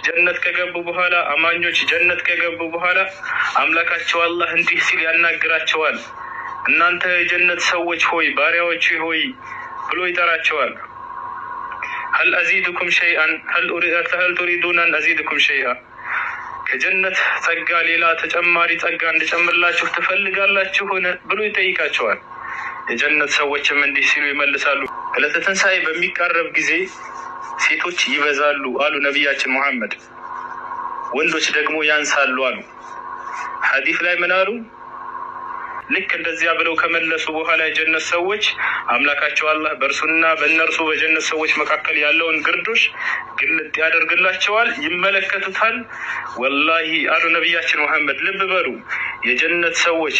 አማኞች ጀነት ከገቡ በኋላ አማኞች ጀነት ከገቡ በኋላ አምላካቸው አላህ እንዲህ ሲል ያናግራቸዋል። እናንተ የጀነት ሰዎች ሆይ ባሪያዎች ሆይ ብሎ ይጠራቸዋል። ሀል አዚድኩም ሸይአን ሀል ቱሪዱን አን አዚድኩም ሸይአ ከጀነት ጸጋ ሌላ ተጨማሪ ጸጋ እንድጨምርላችሁ ትፈልጋላችሁን ብሎ ይጠይቃቸዋል። የጀነት ሰዎችም እንዲህ ሲሉ ይመልሳሉ። ዕለተ ትንሣኤ በሚቃረብ ጊዜ ሴቶች ይበዛሉ አሉ ነቢያችን ሙሐመድ፣ ወንዶች ደግሞ ያንሳሉ አሉ። ሐዲስ ላይ ምን አሉ? ልክ እንደዚያ ብለው ከመለሱ በኋላ የጀነት ሰዎች አምላካቸው አላህ በእርሱና በእነርሱ በጀነት ሰዎች መካከል ያለውን ግርዶሽ ግልጥ ያደርግላቸዋል፣ ይመለከቱታል። ወላሂ አሉ ነቢያችን መሐመድ፣ ልብ በሉ የጀነት ሰዎች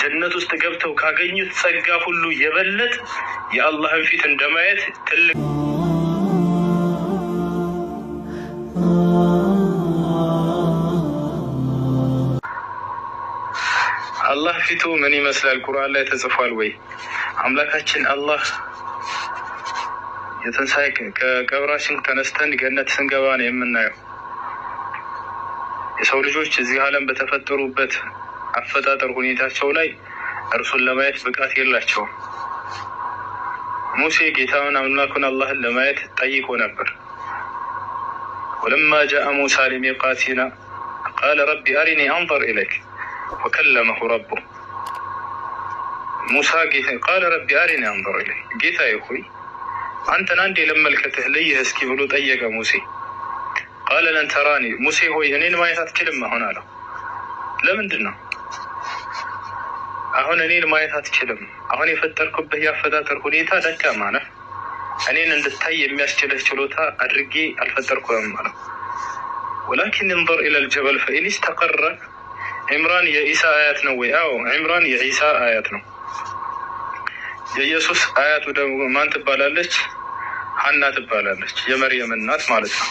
ጀነት ውስጥ ገብተው ካገኙት ጸጋ ሁሉ የበለጥ የአላህን ፊት እንደማየት ትልቅ አላህ ፊቱ ምን ይመስላል? ቁርአን ላይ ተጽፏል ወይ? አምላካችን አላህ የትንሣኤ ከቀብራችን ተነስተን ገነት ስንገባ ነው የምናየው። የሰው ልጆች እዚህ ዓለም በተፈጠሩበት አፈጣጠር ሁኔታቸው ላይ እርሱን ለማየት ብቃት የላቸውም። ሙሴ ጌታውን አምላኩን አላህን ለማየት ጠይቆ ነበር። ወለማ ጃአ ሙሳ ሊሚቃቲና ቃለ ረቢ አሪኒ አንظር ኢለይክ ወከለመሁ ረቡ ሙሳ ቃለ ረቢ አሪኒ አንበር ኢለይ ጌታዬ ሆይ አንተን አንዴ ልመልከትህ ልይህ እስኪ ብሎ ጠየቀ ሙሴ። ቃለ ለን ተራኒ ሙሴ ሆይ እኔን ማየት አትችልም አሁን አለው። ለምንድን ነው አሁን እኔን ማየት አትችልም? አሁን የፈጠርኩብህ የአፈጣጠር ሁኔታ ደካማ ነህ። እኔን እንድታይ የሚያስችልህ ችሎታ አድርጌ አልፈጠርኩም አለው። ወላኪን እንበር ኢለል ጀበል ፈኢን ስተቀረ ዕምራን የኢሳ አያት ነው ወይ? አዎ ዕምራን የኢሳ አያት ነው። የኢየሱስ አያቱ ደግሞ ማን ትባላለች? ሀና ትባላለች። የመርየም እናት ማለት ነው።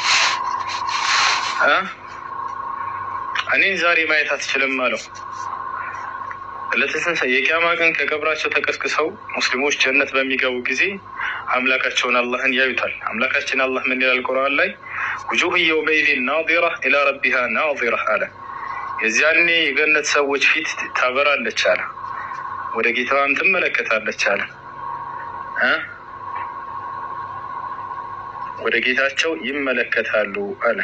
እኔን ዛሬ ማየት አትችልም አለው። ለተሰንሰ የቂያማ ቀን ከቀብራቸው ተቀስቅሰው ሙስሊሞች ጀነት በሚገቡ ጊዜ አምላካቸውን አላህን ያዩታል። አምላካችን አላህ ምን ይላል ቁርአን ላይ? ውጁህ የውመይዚን ናዚራ ኢላ ረቢሃ ናዚራ አለ የዚያኔ የገነት ሰዎች ፊት ታበራለች አለ። ወደ ጌታዋም ትመለከታለች አለ። ወደ ጌታቸው ይመለከታሉ አለ።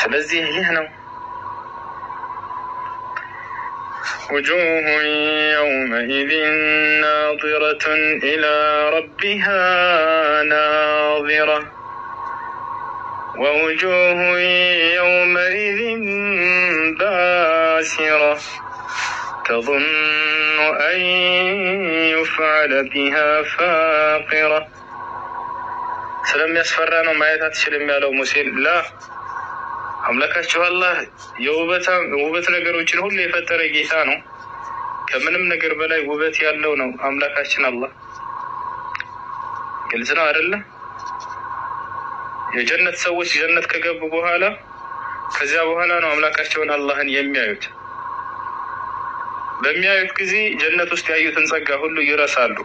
ስለዚህ ይህ ነው ውጁህ يومئذ ناظرة إلى ربها ناظرة ووجوه يومئذ باسرة تظن أن يفعل بها فاقرة ስለሚያስፈራ ነው ማየት አትችልም ያለው ሙሴ ላ አምላካችሁ አላህ የውበት ነገሮችን ሁሉ የፈጠረ ጌታ ነው። ከምንም ነገር በላይ ውበት ያለው ነው አምላካችን አላህ። ግልጽ ነው አይደለም? የጀነት ሰዎች ጀነት ከገቡ በኋላ ከዚያ በኋላ ነው አምላካቸውን አላህን የሚያዩት። በሚያዩት ጊዜ ጀነት ውስጥ ያዩትን ጸጋ ሁሉ ይረሳሉ።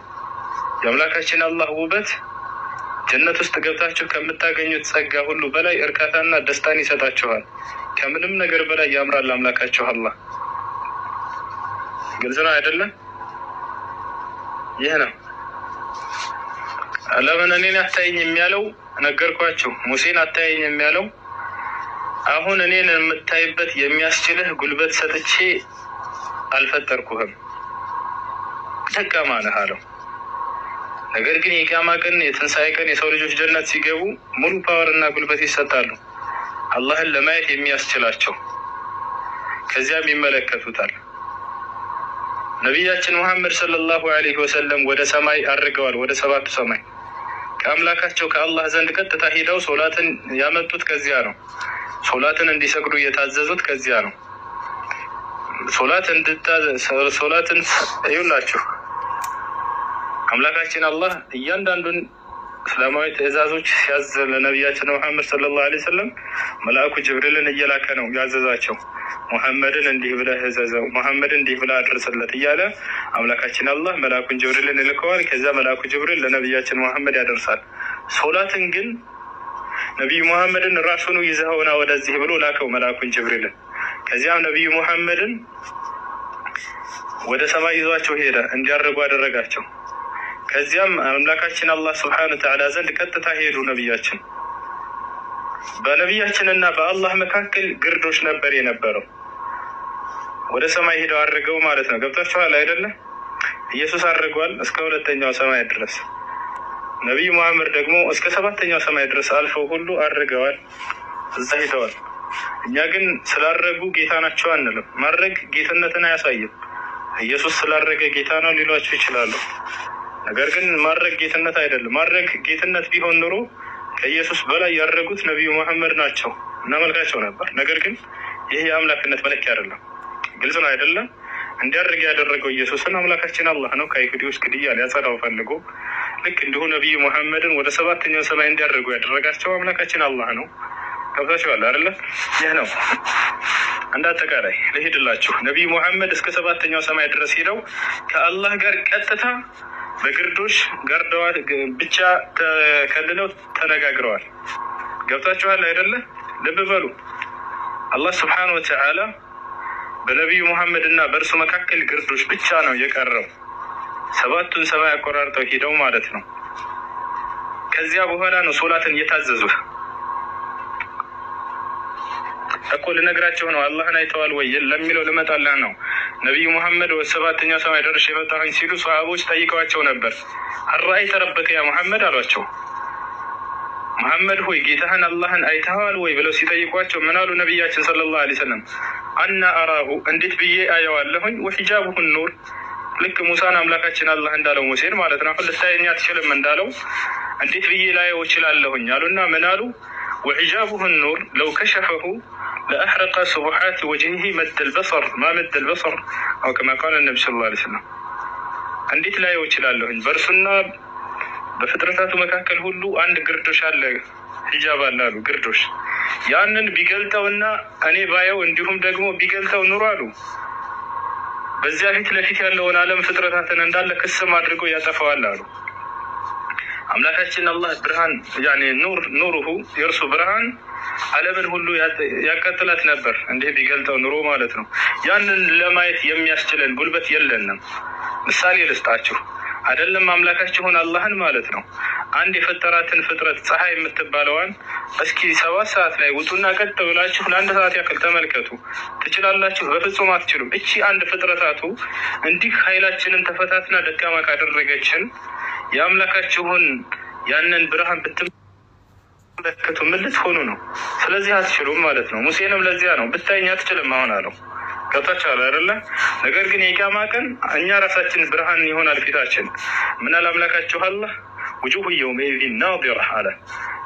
የአምላካችን አላህ ውበት ጀነት ውስጥ ገብታችሁ ከምታገኙት ጸጋ ሁሉ በላይ እርካታና ደስታን ይሰጣችኋል። ከምንም ነገር በላይ ያምራል አምላካችሁ አላህ። ግልጽ ነው አይደለም? ይህ ነው ለምን እኔን አታየኝ የሚያለው ነገርኳቸው። ሙሴን አታየኝም የሚያለው አሁን እኔን የምታይበት የሚያስችልህ ጉልበት ሰጥቼ አልፈጠርኩህም፣ ደካማ ነህ አለው። ነገር ግን የቂያማ ቀን የትንሣኤ ቀን የሰው ልጆች ጀነት ሲገቡ ሙሉ ፓወር እና ጉልበት ይሰጣሉ፣ አላህን ለማየት የሚያስችላቸው ከዚያም ይመለከቱታል። ነቢያችን ሙሐመድ ሰለላሁ አለይህ ወሰለም ወደ ሰማይ አድርገዋል፣ ወደ ሰባቱ ሰማይ ከአምላካቸው ከአላህ ዘንድ ቀጥታ ሄደው ሶላትን ያመጡት ከዚያ ነው። ሶላትን እንዲሰግዱ እየታዘዙት ከዚያ ነው። ሶላት እንድታ ሶላትን ይውላችሁ አምላካችን አላህ እያንዳንዱን እስላማዊ ትእዛዞች ሲያዝ ለነቢያችን ሙሐመድ ሰለላሁ ዐለይሂ ወሰለም መልአኩ ጅብሪልን እየላከ ነው ያዘዛቸው። ሙሐመድን እንዲህ ብለህ እዘዘው፣ ሙሐመድን እንዲህ ብለህ አድርስለት እያለ አምላካችን አላህ መልአኩን ጅብሪልን ይልከዋል። ከዚያ መልአኩ ጅብሪል ለነቢያችን ሙሐመድ ያደርሳል። ሶላትን ግን ነቢዩ ሙሐመድን ራሱኑ ይዘኸውና ወደዚህ ብሎ ላከው መልአኩን ጅብሪልን። ከዚያም ነቢዩ ሙሐመድን ወደ ሰማይ ይዟቸው ሄደ፣ እንዲያደርጉ አደረጋቸው። ከዚያም አምላካችን አላህ ስብሐነ ወተዓላ ዘንድ ቀጥታ ሄዱ። ነቢያችን በነቢያችንና በአላህ መካከል ግርዶች ነበር የነበረው። ወደ ሰማይ ሄደው አድርገው ማለት ነው። ገብታችኋል አይደለም? ኢየሱስ አድርጓል እስከ ሁለተኛው ሰማይ ድረስ። ነቢይ ሙሐመድ ደግሞ እስከ ሰባተኛው ሰማይ ድረስ አልፈው ሁሉ አድርገዋል፣ እዛ ሄደዋል። እኛ ግን ስላረጉ ጌታ ናቸው አንልም። ማድረግ ጌትነትን አያሳይም። ኢየሱስ ስላረገ ጌታ ነው ሊሏቸው ይችላሉ። ነገር ግን ማድረግ ጌትነት አይደለም። ማድረግ ጌትነት ቢሆን ኑሮ ከኢየሱስ በላይ ያደረጉት ነቢዩ መሐመድ ናቸው፣ እናመልካቸው ነበር። ነገር ግን ይህ የአምላክነት መለኪያ አይደለም። ግልጽ ነው አይደለም? እንዲያደርግ ያደረገው ኢየሱስን አምላካችን አላህ ነው። ከአይሁዲዎች ግድያ ሊያጸዳው ፈልጎ ልክ እንዲሁ ነቢዩ መሐመድን ወደ ሰባተኛው ሰማይ እንዲያደርጉ ያደረጋቸው አምላካችን አላህ ነው። ገብታችኋል አይደለም? ይህ ነው እንደ አጠቃላይ ለሄድላችሁ ነቢዩ ሙሐመድ እስከ ሰባተኛው ሰማይ ድረስ ሄደው ከአላህ ጋር ቀጥታ በግርዶሽ ጋርደዋል፣ ብቻ ተከልለው ተነጋግረዋል። ገብታችኋል አይደለ? ልብ በሉ። አላህ ስብሓነ ወተዓላ በነቢዩ ሙሐመድ እና በእርሱ መካከል ግርዶሽ ብቻ ነው የቀረው። ሰባቱን ሰማይ አቆራርጠው ሄደው ማለት ነው። ከዚያ በኋላ ነው ሶላትን እየታዘዙ እኮ ልነግራቸው ነው። አላህን አይተዋል ወይ ለሚለው ልመጣላ ነው። ነቢዩ መሐመድ ሰባተኛው ሰማይ ደርሼ መጣሁኝ ሲሉ ሰሃቦች ጠይቀዋቸው ነበር። አራአይተ ረበከ ያ መሐመድ አሏቸው። መሐመድ ሆይ ጌታህን አላህን አይተዋል ወይ ብለው ሲጠይቋቸው ምን አሉ ነቢያችን ሰለላሁ ዐለይሂ ወሰለም? አና አራሁ እንዴት ብዬ አየዋለሁኝ? ወሒጃቡሁን ኑር ልክ ሙሳን አምላካችን አላህ እንዳለው ሙሴን ማለት ነው። አሁን ልታየኝ አትችልም እንዳለው እንዴት ብዬ ላየው እችላለሁኝ አሉና ምን አሉ? ወሒጃቡሁን ኑር ለው ከሸፈሁ ለአሕረቀ ስቡሓት ወጅሂ መድ አልበሰር ማ መድ አልበሰር አው ከማ ቃለ ነቢ ስለ ላ ስለም እንዴት ላየው እችላለሁኝ? በእርሱና በፍጥረታቱ መካከል ሁሉ አንድ ግርዶሽ አለ፣ ሂጃብ አለ አሉ። ግርዶሽ ያንን ቢገልጠውና እኔ ባየው እንዲሁም ደግሞ ቢገልጠው ኑሮ አሉ በዚያ ፊት ለፊት ያለውን አለም ፍጥረታትን እንዳለ ክስም አድርጎ ያጠፋዋል አሉ። አምላካችን አላህ ብርሃን ኑሩሁ የእርሱ ብርሃን ዓለምን ሁሉ ያቀጥላት ነበር። እንዲህ ቢገልጠው ኑሮ ማለት ነው። ያንን ለማየት የሚያስችለን ጉልበት የለንም። ምሳሌ ልስጣችሁ። አይደለም አምላካችሁን አላህን ማለት ነው። አንድ የፈጠራትን ፍጥረት ፀሐይ የምትባለዋን እስኪ ሰባት ሰዓት ላይ ውጡና ቀጥ ብላችሁ ለአንድ ሰዓት ያክል ተመልከቱ። ትችላላችሁ? በፍጹም አትችሉም። እቺ አንድ ፍጥረታቱ እንዲህ ኃይላችንን ተፈታትና ደካማ ካደረገችን የአምላካችሁን ያንን ብርሃን ብትም መለከቱ ምልት ሆኑ ነው። ስለዚህ አትችሉም ማለት ነው። ሙሴንም ለዚያ ነው ብታይኝ አትችልም አሁን አለው። አለ አይደለ? ነገር ግን የቂያማ ቀን እኛ ራሳችን ብርሃን ይሆናል ፊታችን። ምን አለ አምላካችሁ አላህ ውጅሁ የውመኢዚን ናዲራ አለ።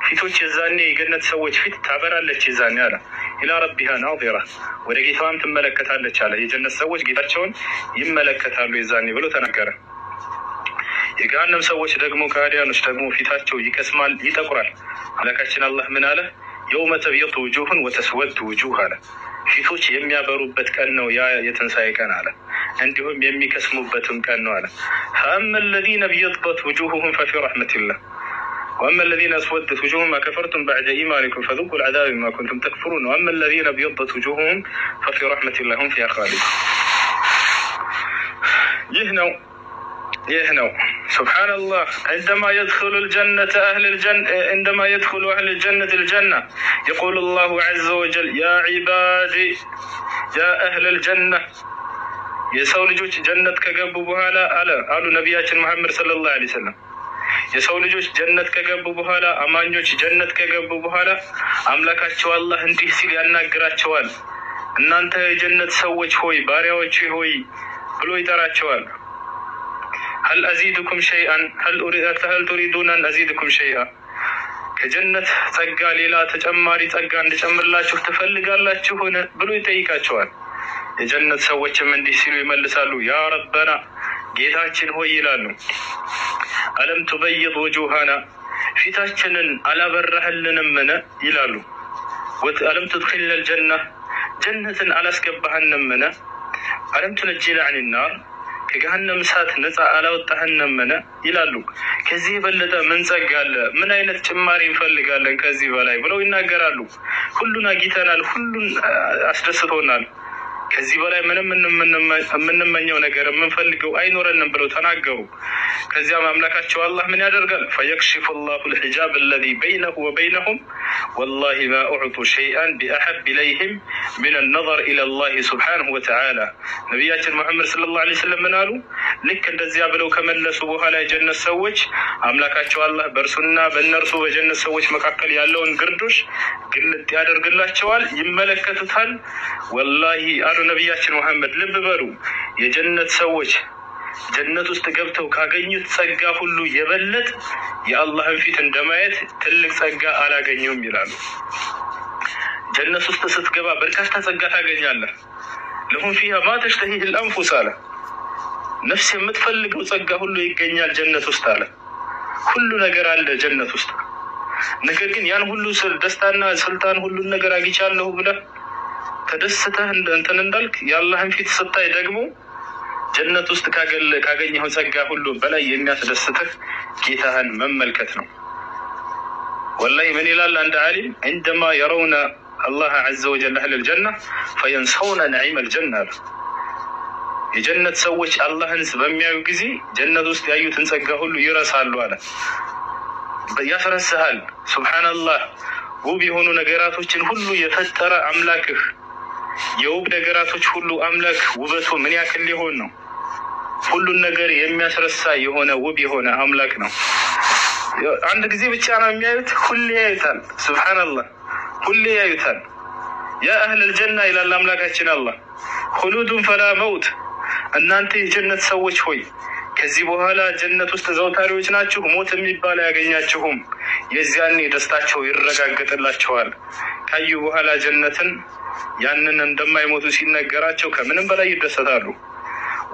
ፊቶች የዛኔ የገነት ሰዎች ፊት ታበራለች የዛኔ አለ። ኢላ ረቢሃ ናዲራ ወደ ጌታዋም ትመለከታለች አለ። የጀነት ሰዎች ጌታቸውን ይመለከታሉ የዛኔ ብሎ ተናገረ። የገሃነም ሰዎች ደግሞ ከሃዲያኖች ደግሞ ፊታቸው ይቀስማል፣ ይጠቁራል። አምላካችን አላህ ምን አለ? የውመ ተብየጡ ውጁሁን ወተስወዱ ውጁህ አለ። ፊቶች የሚያበሩበት ቀን ነው ያ የትንሣኤ ቀን አለ። እንዲሁም የሚከስሙበትም ቀን ነው አለ። ፈአመ ለዚነ ብየጥበት ውጁሁም ፈፊ ረሕመቲላህ ወአመ ለዚነ አስወደት ውጁሁም አከፈርቱም ባዕደ ኢማኒኩም ፈዙቁ ልዓዛብ ማ ኩንቱም ተክፍሩን ወአመ ለዚነ ብየጥበት ውጁሁም ፈፊ ረሕመቲላህ ሁም ፊሃ ኻሊዱን ይህ ነው ይህ ነው ሱብሓነላህ عندما يدخل الجنة أهل الجنة عندما يدخل أهل الجنة الجنة يقول الله عز وجل يا عبادي يا أهل الجنة የሰው ልጆች ጀነት ከገቡ በኋላ አለ አሉ ነቢያችን መሐመድ ሰለላሁ ዐለይሂ ወሰለም የሰው ልጆች ጀነት ከገቡ በኋላ አማኞች ጀነት ከገቡ በኋላ አምላካቸው አላህ እንዲህ ሲል ያናግራቸዋል። እናንተ የጀነት ሰዎች ሆይ ባሪያዎች ሆይ ብሎ ይጠራቸዋል። ሀል አዚድኩም ሸይአን ሀል ቱሪዱን አን አዚድኩም ሸይአ ከጀነት ጸጋ ሌላ ተጨማሪ ጸጋ እንድጨምርላችሁ ትፈልጋላችሁን ብሎ ይጠይቃቸዋል። የጀነት ሰዎችም እንዲህ ሲሉ ይመልሳሉ፣ ያ ረበና ጌታችን ሆይ ይላሉ። አለም ቱበይድ ውጁሃና ፊታችንን አላበራህልንምን ይላሉ። አለም ትድኪልና ልጀና ጀነትን አላስገባህንምን አለም ትነጂና አን ከገሃነም እሳት ነፃ አላወጣህነምን ይላሉ። ከዚህ የበለጠ ምን ጸጋ አለ? ምን አይነት ጭማሪ እንፈልጋለን ከዚህ በላይ ብለው ይናገራሉ። ሁሉን አግኝተናል፣ ሁሉን አስደስቶናል። ከዚህ በላይ ምንም የምንመኘው ነገር የምንፈልገው አይኖረንም ብለው ተናገሩ። ከዚያም አምላካቸው አላህ ምን ያደርጋል? ፈየክሽፉ ላሁ ልሒጃብ አለዚ በይነሁ ወበይነሁም ወላሂ ማ ኡዕጡ ሸይአን ቢአሐብ ኢለይህም ምን ነዘር ኢላ ላህ ስብሓነሁ ወተዓላ። ነቢያችን መሐመድ ሰለላሁ ዓለይሂ ወሰለም ምን አሉ? ልክ እንደዚያ ብለው ከመለሱ በኋላ የጀነት ሰዎች አምላካቸው አላህ በእርሱና በእነርሱ በጀነት ሰዎች መካከል ያለውን ግርዶሽ ግልጥ ያደርግላቸዋል፣ ይመለከቱታል። ወላሂ አሉ ነቢያችን መሐመድ። ልብ በሉ የጀነት ሰዎች ጀነት ውስጥ ገብተው ካገኙት ጸጋ ሁሉ የበለጥ የአላህን ፊት እንደማየት ትልቅ ጸጋ አላገኙም ይላሉ። ጀነት ውስጥ ስትገባ በርካታ ጸጋ ታገኛለህ። ለሁም ፊሃ ማ ተሽተሂህ ልአንፉስ አለ ነፍስ የምትፈልገው ጸጋ ሁሉ ይገኛል ጀነት ውስጥ አለ። ሁሉ ነገር አለ ጀነት ውስጥ። ነገር ግን ያን ሁሉ ደስታና ስልጣን ሁሉን ነገር አግኝቻለሁ ብለህ ተደስተህ እንትን እንዳልክ የአላህን ፊት ስታይ ደግሞ ጀነት ውስጥ ካገኘው ጸጋ ሁሉ በላይ የሚያስደስትህ ጌታህን መመልከት ነው። ወላሂ ምን ይላል አንድ አሊም እንደማ የረውነ አላህ ዐዘ ወጀል አህለል ጀና ፈየንሰውነ ነዒመል ጀና አሉ የጀነት ሰዎች አላህን በሚያዩ ጊዜ ጀነት ውስጥ ያዩትን ጸጋ ሁሉ ይረሳሉ አለ። ያፈረስሃል። ሱብሓነላህ ውብ የሆኑ ነገራቶችን ሁሉ የፈጠረ አምላክህ የውብ ነገራቶች ሁሉ አምላክ ውበቱ ምን ያክል ሊሆን ነው? ሁሉን ነገር የሚያስረሳ የሆነ ውብ የሆነ አምላክ ነው። አንድ ጊዜ ብቻ ነው የሚያዩት፣ ሁሌ ያዩታል። ሱብሓነላህ ሁሌ ያዩታል። ያ አህለል ጀና ይላል አምላካችን አላህ ሁሉዱን ፈላ መውት እናንተ የጀነት ሰዎች ሆይ ከዚህ በኋላ ጀነት ውስጥ ዘውታሪዎች ናችሁ፣ ሞት የሚባል አያገኛችሁም። የዚያኔ ደስታቸው ይረጋገጥላቸዋል። ካዩ በኋላ ጀነትን ያንን እንደማይሞቱ ሲነገራቸው ከምንም በላይ ይደሰታሉ።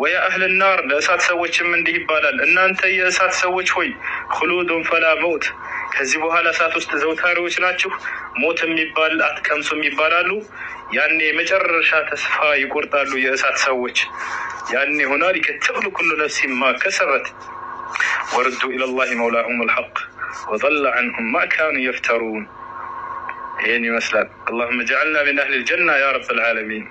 ወያ አህል ናር ለእሳት ሰዎችም እንዲህ ይባላል፣ እናንተ የእሳት ሰዎች ሆይ ሁሉዱን ፈላ መውት كذي بوها لساتوس تزوتارو وشناتشو موت ميبال أتكمسو ميبالالو يعني مجر رشات سفا يقورتالو يأسات سووش يعني هنالك تغلو كل نفس ما كسرت وردوا إلى الله مولاهم الحق وظل عنهم ما كانوا يفترون يعني مثلا اللهم اجعلنا من أهل الجنة يا رب العالمين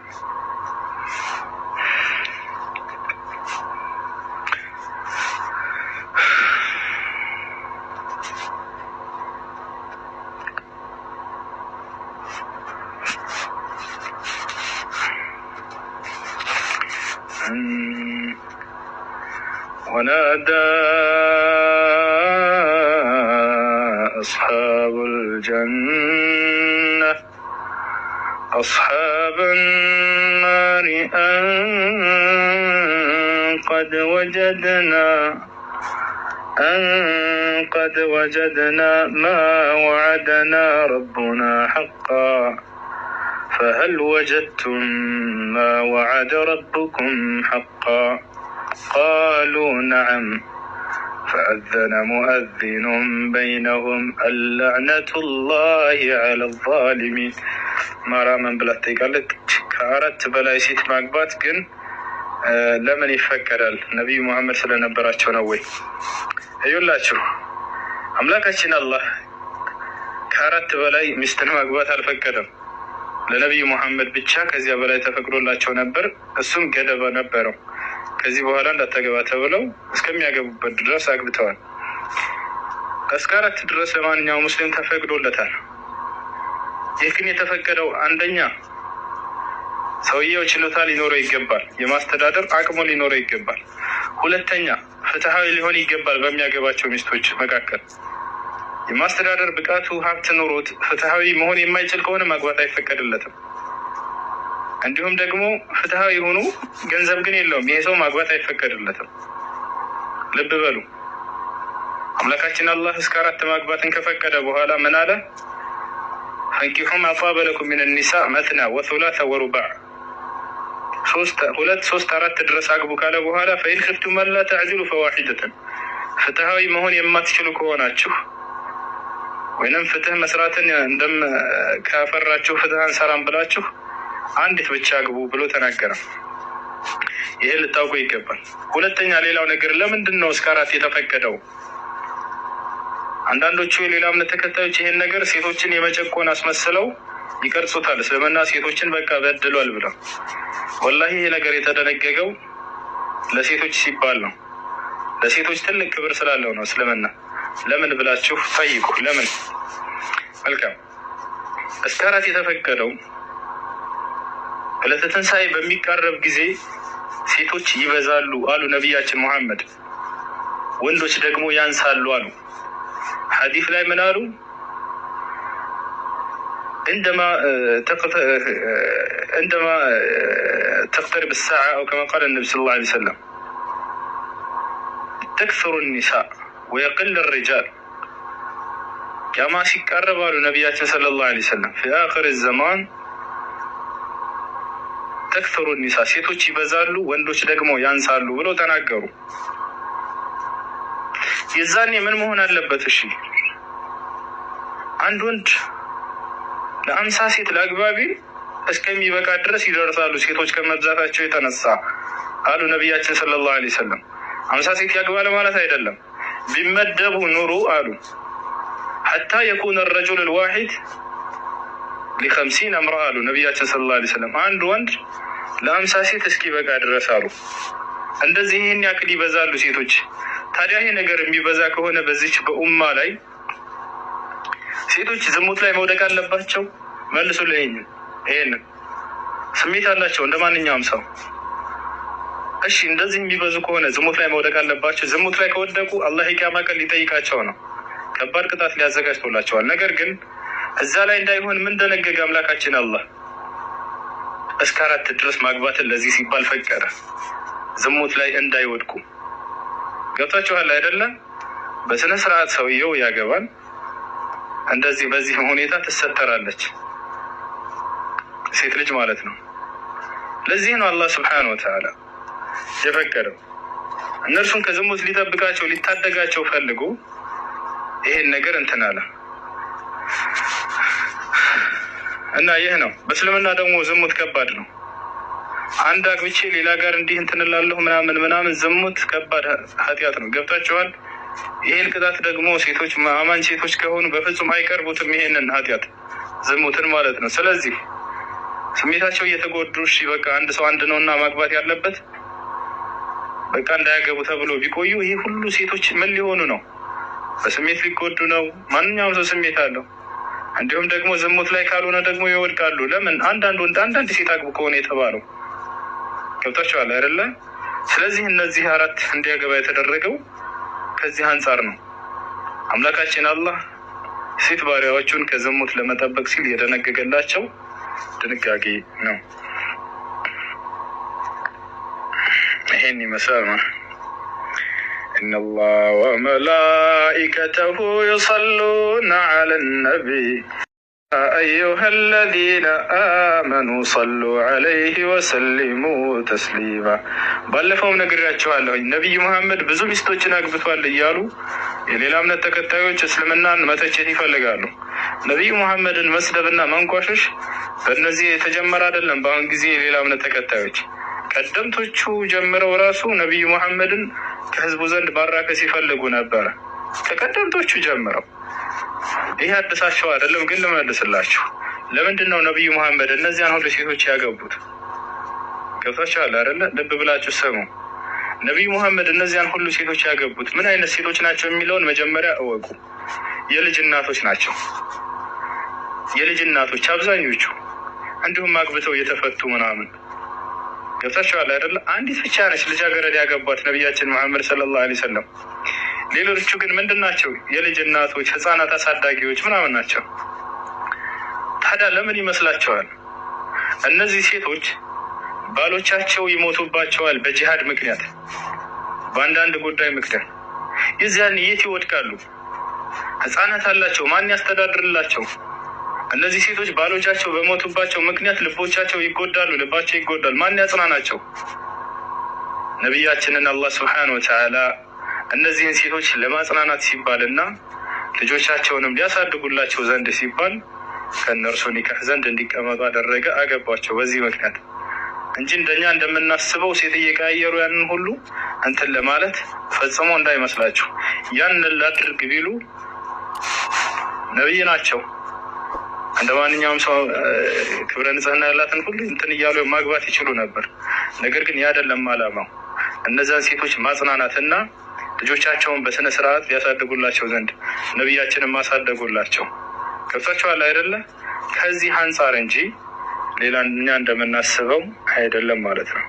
أصحاب الجنة أصحاب النار أن قد وجدنا أن قد وجدنا ما وعدنا ربنا حقا فهل وجدتم ما وعد ربكم حقا قالوا نعم فأذن مؤذن በይነሁም አላዕነቱላሂ አለ ዛሊሚን። ማራመን ብላ ትጠይቃለች። ከአራት በላይ ሴት ማግባት ግን ለምን ይፈቀዳል? ነቢዩ መሐመድ ስለነበራቸው ነው ወይ? እዩላችሁ፣ አምላካችን አላህ ከአራት በላይ ሚስትን ማግባት አልፈቀደም። ለነቢዩ መሐመድ ብቻ ከዚያ በላይ ተፈቅዶላቸው ነበር። እሱም ገደበ ነበረው። ከዚህ በኋላ እንዳታገባ ተብለው እስከሚያገቡበት ድረስ አግብተዋል። እስከ አራት ድረስ ለማንኛው ሙስሊም ተፈቅዶለታል። ይህ ግን የተፈቀደው አንደኛ ሰውየው ችሎታ ሊኖረው ይገባል፣ የማስተዳደር አቅሙ ሊኖረው ይገባል። ሁለተኛ ፍትሐዊ ሊሆን ይገባል። በሚያገባቸው ሚስቶች መካከል የማስተዳደር ብቃቱ ሀብት ኖሮት ፍትሐዊ መሆን የማይችል ከሆነ ማግባት አይፈቀድለትም። እንዲሁም ደግሞ ፍትሐዊ የሆኑ ገንዘብ ግን የለውም። ይሄ ሰው ማግባት አይፈቀድለትም። ልብ በሉ አምላካችን አላህ እስከ አራት ማግባትን ከፈቀደ በኋላ ምን አለ? ፈንኪሑ ማ ጣበ ለኩም ሚን ኒሳ መትና ወሱላተ ወሩባዕ፣ ሁለት ሶስት አራት ድረስ አግቡ ካለ በኋላ ፈኢን ኺፍቱም አላ ተዕዲሉ ፈዋሒደትን፣ ፍትሐዊ መሆን የማትችሉ ከሆናችሁ ወይንም ፍትህ መስራትን እንደም ካፈራችሁ ፍትህ አንሰራም ብላችሁ አንዲት ብቻ ግቡ ብሎ ተናገረ። ይሄ ልታውቁ ይገባል። ሁለተኛ ሌላው ነገር ለምንድን ነው እስከ አራት የተፈቀደው? አንዳንዶቹ የሌላ እምነት ተከታዮች ይሄን ነገር ሴቶችን የመጨቆን አስመስለው ይቀርጹታል። እስልምና ሴቶችን በቃ በድሏል ብለው ወላሂ፣ ይሄ ነገር የተደነገገው ለሴቶች ሲባል ነው። ለሴቶች ትልቅ ክብር ስላለው ነው እስልምና። ለምን ብላችሁ ጠይቁ። ለምን መልካም እስከ አራት የተፈቀደው ለተተንሳኤ በሚቀረብ ጊዜ ሴቶች ይበዛሉ አሉ ነቢያችን መሐመድ ወንዶች ደግሞ ያንሳሉ من ሐዲፍ ላይ ምን አሉ عندما الرجال ተክሰሩ ኒሳ ሴቶች ይበዛሉ፣ ወንዶች ደግሞ ያንሳሉ ብለው ተናገሩ። የዛኔ ምን መሆን አለበት? እሺ አንድ ወንድ ለአምሳ ሴት ለአግባቢ እስከሚበቃ ድረስ ይደርሳሉ ሴቶች ከመብዛታቸው የተነሳ አሉ ነቢያችን ሰለላሁ ዐለይሂ ወሰለም። አምሳ ሴት ያግባ ለማለት አይደለም፣ ቢመደቡ ኑሩ አሉ ሐታ የኩነ ረጁል ልዋሒድ ሊከምሲን አምራ አሉ ነቢያችን ሰለላሁ ዐለይሂ ወሰለም አንድ ወንድ ለአምሳ ሴት እስኪበቃ ድረስ አሉ። እንደዚህ ይህን ያክል ይበዛሉ ሴቶች። ታዲያ ይሄ ነገር የሚበዛ ከሆነ በዚች በኡማ ላይ ሴቶች ዝሙት ላይ መውደቅ አለባቸው? መልሱልኝ። ይሄንን ስሜት አላቸው እንደ ማንኛውም ሰው። እሺ እንደዚህ የሚበዙ ከሆነ ዝሙት ላይ መውደቅ አለባቸው? ዝሙት ላይ ከወደቁ አላህ ቂያማ ቀን ሊጠይቃቸው ነው። ከባድ ቅጣት ሊያዘጋጅቶላቸዋል። ነገር ግን እዛ ላይ እንዳይሆን ምን ደነገገ አምላካችን አላህ እስከ አራት ድረስ ማግባትን ለዚህ ሲባል ፈቀደ፣ ዝሙት ላይ እንዳይወድቁ። ገብታችኋል አይደለም? በስነ ስርዓት ሰውየው ያገባል። እንደዚህ በዚህ ሁኔታ ትሰተራለች ሴት ልጅ ማለት ነው። ለዚህ ነው አላህ ስብሓነሁ ወተዓላ የፈቀደው። እነርሱን ከዝሙት ሊጠብቃቸው ሊታደጋቸው ፈልጎ ይሄን ነገር እንትን አለ። እና ይህ ነው። በእስልምና ደግሞ ዝሙት ከባድ ነው። አንድ አግብቼ ሌላ ጋር እንዲህ እንትንላለሁ ምናምን ምናምን፣ ዝሙት ከባድ ኃጢአት ነው። ገብታችኋል? ይህን ቅጣት ደግሞ ሴቶች አማኝ ሴቶች ከሆኑ በፍጹም አይቀርቡትም። ይሄንን ኃጢአት ዝሙትን ማለት ነው። ስለዚህ ስሜታቸው እየተጎዱ እሺ በቃ አንድ ሰው አንድ ነው እና ማግባት ያለበት በቃ እንዳያገቡ ተብሎ ቢቆዩ ይህ ሁሉ ሴቶች ምን ሊሆኑ ነው? በስሜት ሊጎዱ ነው። ማንኛውም ሰው ስሜት አለው። እንዲሁም ደግሞ ዝሙት ላይ ካልሆነ ደግሞ ይወድቃሉ። ለምን አንዳንድ ወንድ አንዳንድ ሴት አግቡ ከሆነ የተባለው ገብታችኋል አይደለ? ስለዚህ እነዚህ አራት እንዲያገባ የተደረገው ከዚህ አንጻር ነው። አምላካችን አላህ ሴት ባሪያዎቹን ከዝሙት ለመጠበቅ ሲል የደነገገላቸው ድንጋጌ ነው። ይሄን ይመስላል። إن الله وملائكته يصلون على النبي أيها الذين آمنوا صلوا عليه وسلموا ተስሊማ ባለፈውም ነግሬያቸዋለሁኝ። ነቢይ መሐመድ ብዙ ሚስቶችን አግብቷል እያሉ የሌላ እምነት ተከታዮች እስልምናን መተቸት ይፈልጋሉ። ነቢዩ መሐመድን መስደብና መንቋሸሽ በእነዚህ የተጀመረ አይደለም። በአሁን ጊዜ የሌላ እምነት ተከታዮች ቀደምቶቹ ጀምረው ራሱ ነቢዩ መሐመድን ከህዝቡ ዘንድ ማራከስ ይፈልጉ ነበረ። ከቀደምቶቹ ጀምረው ይህ አድሳቸው አይደለም። ግን ልመልስላችሁ፣ ለምንድን ነው ነቢዩ መሐመድ እነዚያን ሁሉ ሴቶች ያገቡት? ገብታችኋል አይደለ? ልብ ብላችሁ ስሙ። ነቢዩ መሐመድ እነዚያን ሁሉ ሴቶች ያገቡት ምን አይነት ሴቶች ናቸው የሚለውን መጀመሪያ እወቁ። የልጅ እናቶች ናቸው። የልጅ እናቶች አብዛኞቹ እንዲሁም አግብተው የተፈቱ ምናምን ገብታችኋል አይደለ? አንዲት ብቻ ነች ልጃገረድ ያገባት ነቢያችን መሐመድ ሰለላሁ ዐለይሂ ወሰለም። ሌሎቹ ግን ምንድን ናቸው? የልጅ እናቶች፣ ህፃናት አሳዳጊዎች ምናምን ናቸው። ታዲያ ለምን ይመስላችኋል? እነዚህ ሴቶች ባሎቻቸው ይሞቱባቸዋል በጂሃድ ምክንያት፣ በአንዳንድ ጉዳይ ምክንያት። የዚያን የት ይወድቃሉ? ህፃናት አላቸው። ማን ያስተዳድርላቸው? እነዚህ ሴቶች ባሎቻቸው በሞቱባቸው ምክንያት ልቦቻቸው ይጎዳሉ፣ ልባቸው ይጎዳል። ማን ያጽናናቸው? ነቢያችንን አላህ ስብሓነ ወተዓላ እነዚህን ሴቶች ለማጽናናት ሲባልና ልጆቻቸውንም ሊያሳድጉላቸው ዘንድ ሲባል ከእነርሱ ኒካህ ዘንድ እንዲቀመጡ አደረገ፣ አገባቸው በዚህ ምክንያት እንጂ እንደኛ እንደምናስበው ሴት እየቀያየሩ ያንን ሁሉ እንትን ለማለት ፈጽሞ እንዳይመስላችሁ። ያንን ላድርግ ቢሉ ነቢይ ናቸው። እንደ ማንኛውም ሰው ክብረ ንጽህና ያላትን ሁሉ እንትን እያሉ ማግባት ይችሉ ነበር። ነገር ግን ያደለም አላማው። እነዚያን ሴቶች ማጽናናትና ልጆቻቸውን በስነ ስርዓት ሊያሳድጉላቸው ዘንድ ነቢያችንን ማሳደጉላቸው ገብቷቸዋል አይደለ? ከዚህ አንጻር እንጂ ሌላ እኛ እንደምናስበው አይደለም ማለት ነው።